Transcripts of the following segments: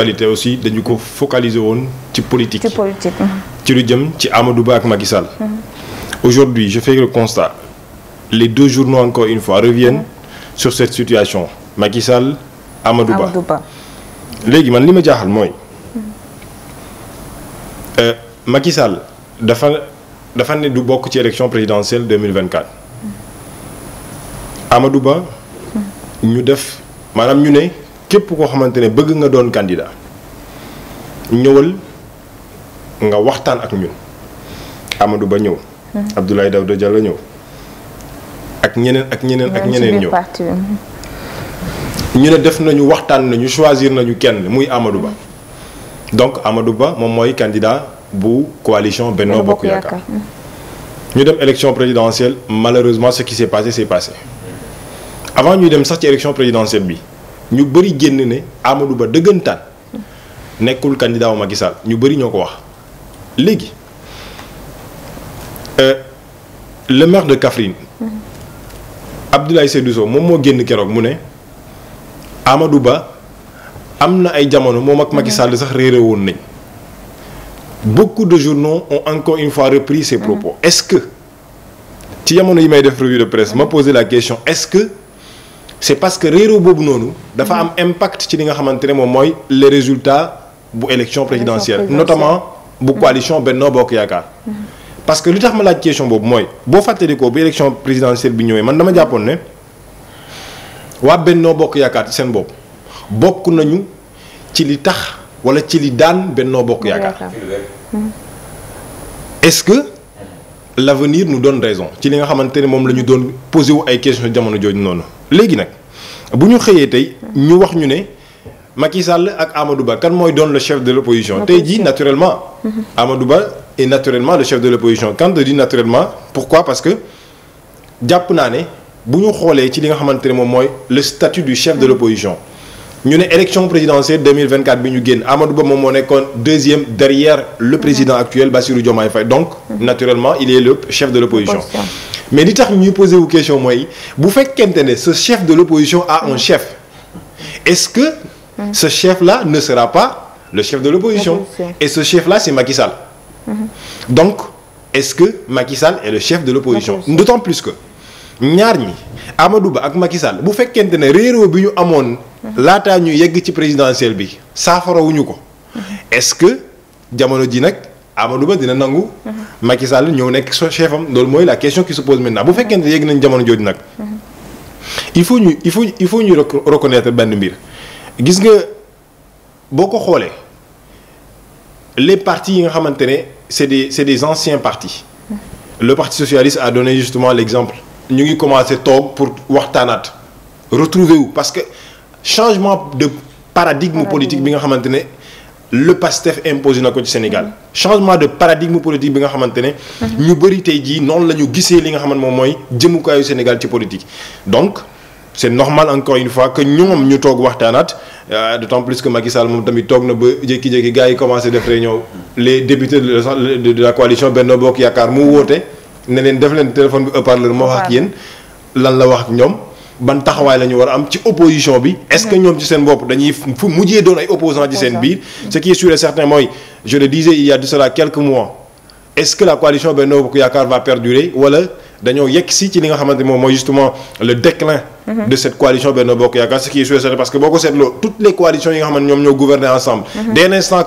actualité aussi dañu ko focaliser woon ci politique ci mhm. lu jëm ci Amadou Ba ak Macky Sall mhm. aujourd'hui je fais le constat les deux journaux encore une fois reviennent mmh. sur cette situation Macky Amadou Ba léegi man li ma jaaxal mooy mhm. euh, Macky Sall dafa dafa ne du bokk ci élection présidentielle 2024 Amadou Ba ñu def maanaam ñu ne képp koo xamante ne bëgg nga doon candidat ñëwal nga waxtaan ak ñun Amadou Ba ñëw. Hmm. Abdoulaye Daouda Diallo ñëw. ak ñeneen ak ñeneen ak ñeneen ñëw ñu ne def nañu waxtaan nañu choisir nañu kenn muy amadu Ba hmm. donc Amadou Ba moom mooy candidat bu coalition Benno Bokk Yaakaar hmm. ñu dem élection présidentielle malheureusement ce qui s'est passé s'est passé avant ñuy dem sax ci élection présidentielle bi. ñu bëri génn ne Amadou Ba dëggantaan nekkul candidat wu Macky Sall ñu bëri ñoo ko wax léegi euh, le maire de Kaffrine mm-hmm. Abdoulaye Seydou Sow moom moo génn keroog mu ne Amadou Ba am na ay jamono moom ak Macky mm-hmm. Sall sax réer woon nañ beaucoup de journaux ont encore une fois repris ces mm-hmm. propos est-ce que ci jamono yi may def revue de presse ma poser la question est-ce que c'est parce que réeróo boobu noonu. dafa am impact ci li nga xamante ne moom mooy les résultat bu élection présidentielle notamment bu mm-hmm. coalition Benno Bokk Yaakaar. Mm-hmm. parce que li tax ma laaj question boobu mooy boo fàttalikoo bu élection présidentielle bi ñëwee man dama jàppoon ne waa Benno Bokk Yaakaar ci seen bopp bokk nañu ci li tax wala ci li daan Benno Bokk Yaakaar. Mm-hmm. est-ce que l'avenir nous doon raison ci li nga xamante ne moom la ñu doon posé wu ay questions jamono jooju noonu. léegi nag bu ñu xëyee tey ñu wax ñu ne Macky Sall ak Amadou Ba kan mooy doon le chef de l' opposition tey jii naturellement. Mhm. Amadou Ba est naturellement le chef de l' opposition quand je dis naturellement pourquoi parce que jàpp naa ne bu ñu xoolee ci li nga xamante ne moom mooy le statut du chef de mhm. l' opposition. ñu ne élection présidentielle 2024 bi ñu génn Amadou Ba moom moo nekkoon deuxième derrière le président mhm. actuel Bassirou Diomaye Faye donc naturellement il est le chef de mais li tax ñuy poser wu question mooy bu fekkente ne ce chef de l'opposition a un mm. chef est-ce que mm. ce chef la ne sera pas le chef de l'opposition et ce chef-là c'est Macky mm-hmm. donc est-ce que Macky Sall est le chef de l'opposition d'autant plus que ñaar ñi Amadou Ba ak Macky bu fekkente ne réeróo bi ñu amoon mm-hmm. laataa ñu yegg ci présidentielle bi saafarawuñu ko mm-hmm. est-ce que jamono ji nag Amadou Ba dina nangu Macky Sall ñëw nekk chef am loolu mooy la question qui se pose maintenant bu fekkee ne yegg nañ jamono jooju nag. Mhm. il faut ñu il faut il ñu reconnaître benn mbir gis nga boo ko xoolee les partis yi nga xamante ne c'est des c'est des anciens partis. Mhm. le parti socialiste a donné justement l'exemple ñu ngi commencer toog pour waxtaanaat retrouver wu parce que changement de paradigme politique bi nga xamante ne. le PASTEF imposé na ko ci Sénégal changement de paradigme politique bi nga xamante ne. ñu bëri tey jii noonu la ñu gisee li nga xamante moom mooy jëmukaayu Sénégal ci politique. donc c' est normal encore une fois que ñoom ñu toog waxtaanaat euh, d' autant plus que Macky moom tamit toog na ba jékki-jékki gars yi commencé def réunion les députés de la coalition Benno Bokk Yaakaar mu woote ne leen def leen téléphone bi haut-parleur moo wax ak yéen lan la wax ak ñoom. ban taxawaay la ñu war a am ci opposition bi est ñoom ci seen bopp dañuy fu mujjee doon ay opposants ci seen biir ce qui est sûr et mooy je le disais il y a de mois est-ce coalition Benno Bokk Yaakaar va perdurer wala dañoo yegg si ci li nga xamante moom mooy justement le déclin mhm. de cette coalition Benno Bokk Yaakaar ce qui est sûr et parce que boo ko seetloo toutes les coalitions yi nga xamante ñoom ñoo gouverner ensemble mhm. dès l'instant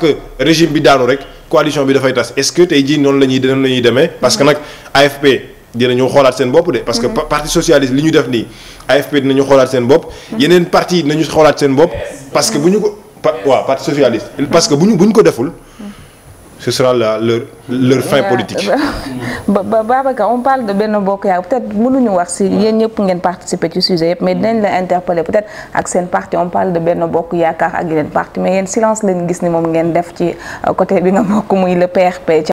dinañu xoolaat seen bopp de. parce que mhm. parti socialiste li ñu def nii AFP dinañu xoolaat seen bopp. Mhm. yeneen parti dinañu xoolaat seen bopp. parce que bu ñu ko parti socialiste. Mhm. parce que bu ñu ko deful. ce sera la leur leur fin politique. ba ba Babacar on parle de Benno Bokk Yaakaar peut-être mënuñu wax si yéen ñëpp ngeen participer ci sujet yëpp mais dinañ la interpeller peut-être ak seen parti on parle de Benno Bokk Yaakaar ak yeneen parti mais